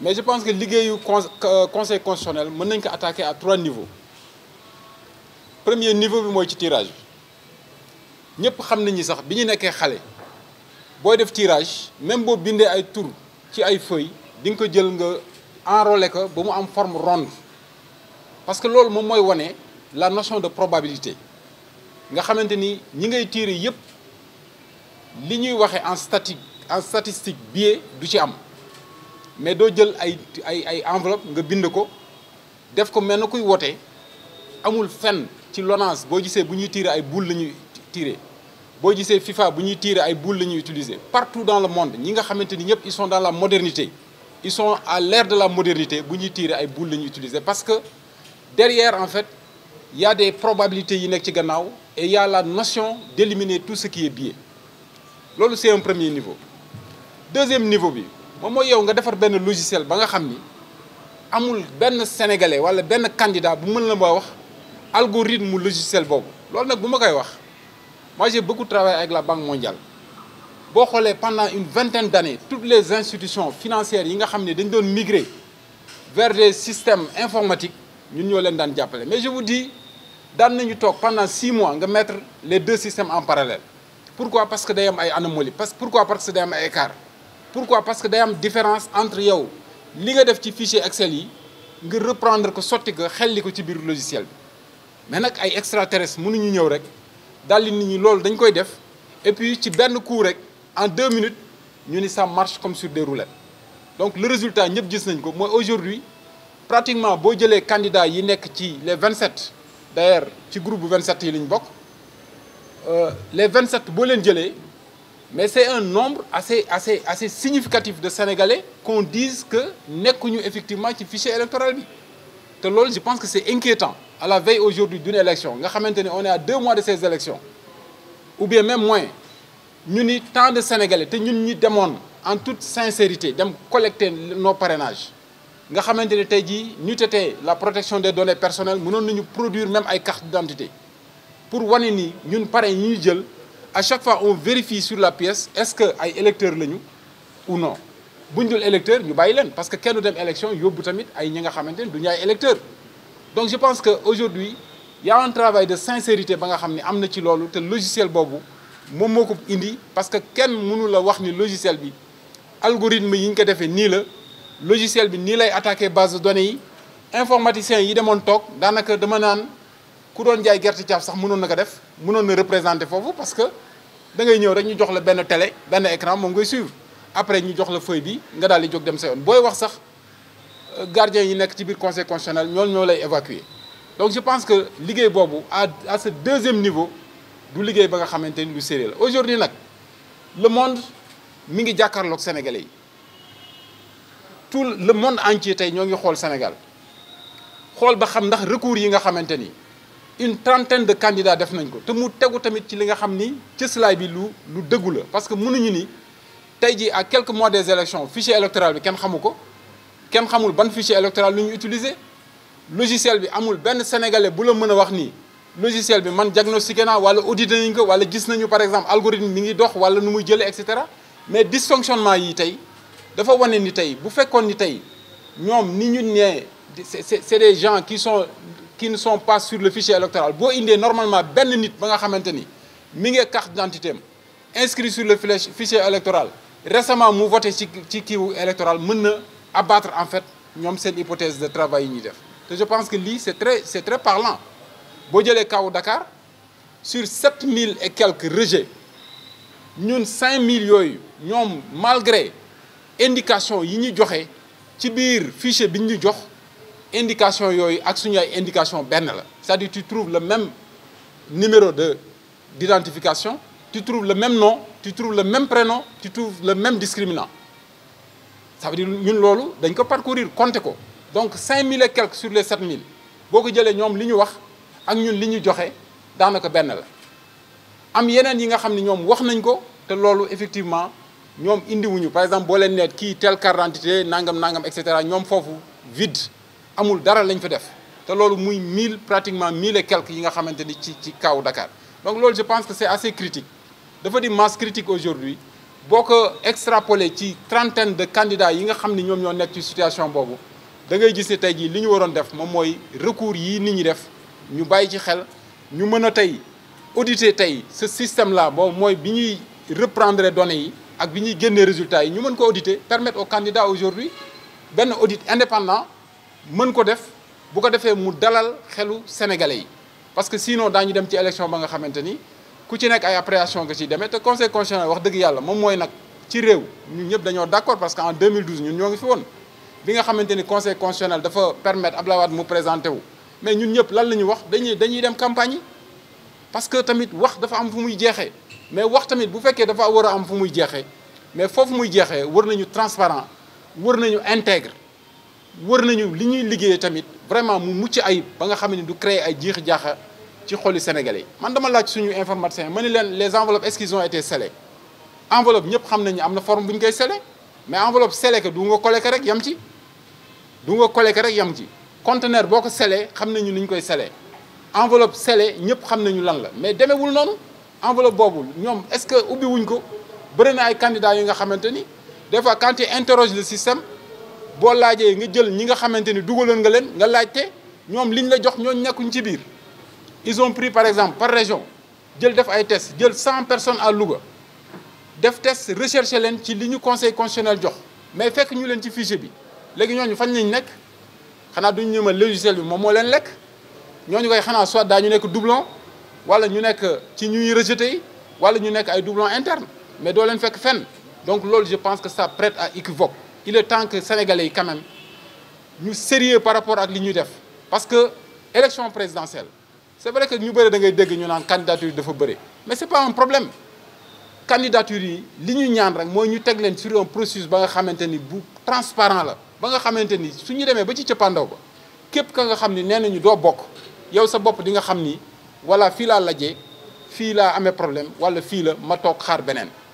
mais je pense que liggéeyu euh, conseil constitutionnel mën nañ ko attaquer à trois niveaux premier niveau bi mooy ci tirage bi ñëpp xam nañ sax bi ñu nekkee xale booy def tirage même boo bindee ay tur ci ay feuilles di nga ko jël nga enrôler ko ba mu am forme ronde parce que loolu moom mooy wane la notion de probabilité nga xamante ni ñi ngay tiire yëpp li ñuy waxe en statique en statistique biais du ci am mais doo jël ay ay ay enveloppe nga bind ko def ko mel na kuy wote amul fen ci Lonase boo gisee bu ñuy tiire ay boule la ñuy tiire boo gisee FIFA bu ñuy tiire ay boule la ñuy utiliser partout dans le monde ñi nga xamante ni ñëpp ils dans la modernité ils sont à l'ère de la modernité bu ñuy tiire ay boule la ñuy utiliser parce que derrière en fait y a des yi nekk ci gannaaw et il y d'éliminer tout ce qui est biais loolu c'est un premier niveau deuxième niveau bi moo moo yow nga defar benn logiciel ba nga xam ni amul benn sénégalais wala benn candidat bu mën na ma wax algorithme logiciel boobu loolu nag bu ma koy wax moi j'ai beaucoup ak la banque mondial boo xoolee pendant une vingt vingtaine d'années toutes les institutions financières yi nga xam ne dañ doon migrer vers des informatique ñun ñoo leen daan jàppale daan nañu toog pendant six mois nga mettre les deux systèmes en parallèle pourquoi parce que day am ay anomalie parce pourquoi parce que day am ay écart pourquoi parce que day am différence entre yow li nga def ci fichier Excel yi ngir reprendre ko sotti ko xelli ko ci biir logiciel bi mais nag ay munu ñu ñëw rek daal di nit ñi loolu dañ koy def et puis ci benn coup rek en deux minutes ñu ni ça marche comme sur des roulettes donc le résultat ñëpp gis nañ ko mooy aujourd'hui pratiquement boo jëlee candidat yi nekk ci les vingt sept d'ailleurs ci groupe bu 27 yi lañ bokk euh, les 27 boo leen jëlee mais c'est un nombre assez assez assez significatif de sénégalais qu'on dise que nekkuñu effectivement ci fichier électoral bi te loolu je pense que c'est inquiétant à la veille aujourd'hui d'une élection nga xamante ni on est à deux mois de ces élections ou bien même moins ñu ni tant de sénégalais te ñun ñi demoon en toute sincérité dem collecter nos parrainages nga xamante ne tey jii ñu tetee la protection des données personnelles mënoon nañu produire même ay carte d'identité pour wane nii ñun pare yi ñu jël à chaque fois on vérifie sur la pièce est-ce que ay électeurs lañu ou non buñ dul électeur ñu bàyyi leen parce que kenn dem élection yóbbu tamit ay ñi nga xamante ne du ñu ay électeurs donc je pense que aujourd'hui y a un travail de sincérité ba nga xam ne am na ci loolu te logiciel boobu moom moo ko indi parce que kenn mënu la wax ni logiciel bi algorithme yi ñu ko defee nii la logiciel bi nii lay attaqué base de données yi informaticien yi demoon toog daanaka dama naan ku doon jaay gerte caaf sax mënoon na ko def mënoon na représenté foofu parce que da ñëw rek ñu jox la benn télé benn écran moom ngay suivre après ñu jox la feuille bi nga daal di jóg dem sa yoon booy wax sax euh, gardien yi nekk ci biir conseil constitutionnel ñoom ñoo lay évacuer donc je pense que liggéey boobu à à ce niveau du liggéey ba nga xamante ni lu sérieux la aujourd'hui nag le monde mi ngi jàkkaarloog sénégalais yi tout le monde entier tey ñoo ngi xool Sénégal xool ba xam ndax recours yi nga xamante ni une trentaine de candidats def nañ ko te mu tegu tamit ci li nga xam ni cëslaay bi lu lu dëggu la parce que mënuñu nii tey jii ak quelques mois des élections fichier électoral bi kenn xamu ko kenn xamul ban fichier électoral lu ñu utiliser logiciel bi amul benn sénégale bu la mën a wax nii logiciel bi man diagnostiqué naa wala audité nañ ko wala gis nañu par exemple algorithme mi ngi dox wala nu muy jëlee et mais dysfonctionnement yi tey dafa wane ni tey bu fekkoon ni tey ñoom ni ñu ne c'est des gens qui son qui ne sont pas sur le fichier électoral boo indee normalement benn nit ba nga xamante ni mi ngi carte d'identité am inscrit sur le fichier électoral récemment mu voté ci ci kiiwu électoral mën na abattre en fait ñoom seen hypothèse de travail yi ñuy def te je pense que lii c'est très c'est très parlant boo jëlee kaw Dakar sur sept mille et quelques rejets ñun cinq mille yooyu ñoom malgré indication yi ñu joxe ci biir fichier bi ñu jox indication yooyu ak suñu ay indication benn la c'est-à-dire tu trouves le même numéro de d'identification tu trouves le même nom tu trouves le même prénom tu trouves le même discriminant ça veut ñun loolu dañ ko parcourir compter ko donc 5000 et quelques sur les mille boo ko jëlee ñoom li ñu wax ak ñun li ñu joxe daanaka benn la am yeneen yi nga xam ne ñoom wax nañ ko te loolu effectivement ñoom indiwuñu par exemple boo leen ne kii tel carte d'identité nangam nangam et cetera ñoom foofu vide amul dara lañ fa def te loolu muy mille pratiquement mille et yi nga xamante ni ci ci kaw Dakar donc loolu je pense que c'est assez critique dafa di masse critique aujourd'hui boo ko extrapolé ci trentaine de candidats yi nga xam ni ñoom ñoo nekk ci situation boobu dangay ngay tey jii li ñu waroon def moom mooy recours yi nit ñi def ñu bàyyi ci xel ñu mën a tey auditer tey ce système là boobu mooy bi ñuy reprendre données yi ak bi ñuy génnee résultat yi ñu mën ko auditer permettre aux candidats aujourd'hui benn audit indépendant mën ko def bu ko defee mu dalal xelu sénégalais yi parce que sinon ñu dem ci élection ba nga xamante ni ku ci nekk ay appréhension nga ciy demee te conseil constitutionnel wax dëgg yàlla moom mooy nag ci réew ñun ñëpp dañoo d'accord parce que en 2012 ñun ñoo ngi fi woon bi nga xamante ni conseil constitutionnel dafa permettre Abdoulaye Wade mu présenté wu mais ñun ñëpp lan la ñu wax dañuy dañuy dem parce que tamit wax dafa am fu muy jeexee mais wax tamit bu fekkee dafa war a am fu muy jeexee mais foofu muy jeexee war nañu transparent war nañu integre war nañu li ñuy liggéeyee tamit vraiment mu mucc ayib ba nga xam ne du créer ay jiix jaaxa ci xoli sénégalais yi. man dama laaj suñu informaticien man ne leen les enveloppes est-ce qu'ils ont été scellées enveloppe ñëpp xam nañu am na forme bu ñu koy scellé mais enveloppe scellé que du nga collé rek yam ci du nga collé rek yam ci conteneur boo ko scellé xam nañu ni ñu koy scellé enveloppe sele ñëpp xam nañu lan la mais demewul noonu. enveloppe boobul ñoom est-ce que ubbi wuñ ko bëri na ay candidats yi nga xamante ni des fois quand tu système boo laajee nga jël ñi nga xamante ni dugaloon nga leen nga laajte ñoom liñ la jox ñooñu nekkuñ ci biir. ils ont pris par exemple par région jël def ay tests jël cent personnes à Louga def test recherché leen ci li ñu conseil constitutionnel jox mais fekk ñu leen ci fichier bi léegi ñooñu fañ lañ nekk xanaa duñu ñëmal logiciel bi moom moo leen lekk ñooñu koy xanaa soit daañu nekk doublon. wala ñu nekk ci ñuy rejeté yi wala ñu nekk ay doublons internes mais doo leen fekk fen donc loolu je pense que ça prête à équivoque il est temps que sénégalais yi quand ñu sérieux par rapport ak li ñuy def parce que élection présidentielle c'est vrai que ñu bëri da ngay dégg ñu naan candidature dafa bëri mais c'est pas un problème candidature yi li ñu ñaan rek mooy ñu teg leen sur un processus ba nga xamante ni bu transparent la ba nga xamante ni su ñu demee ba ci cëppaandaw képp ka nga xam ni nee nañu doo bokk yow sa bopp di nga xam ni wala fii laa lajjee fii laa amee problème wala fii la ma toog xaar beneen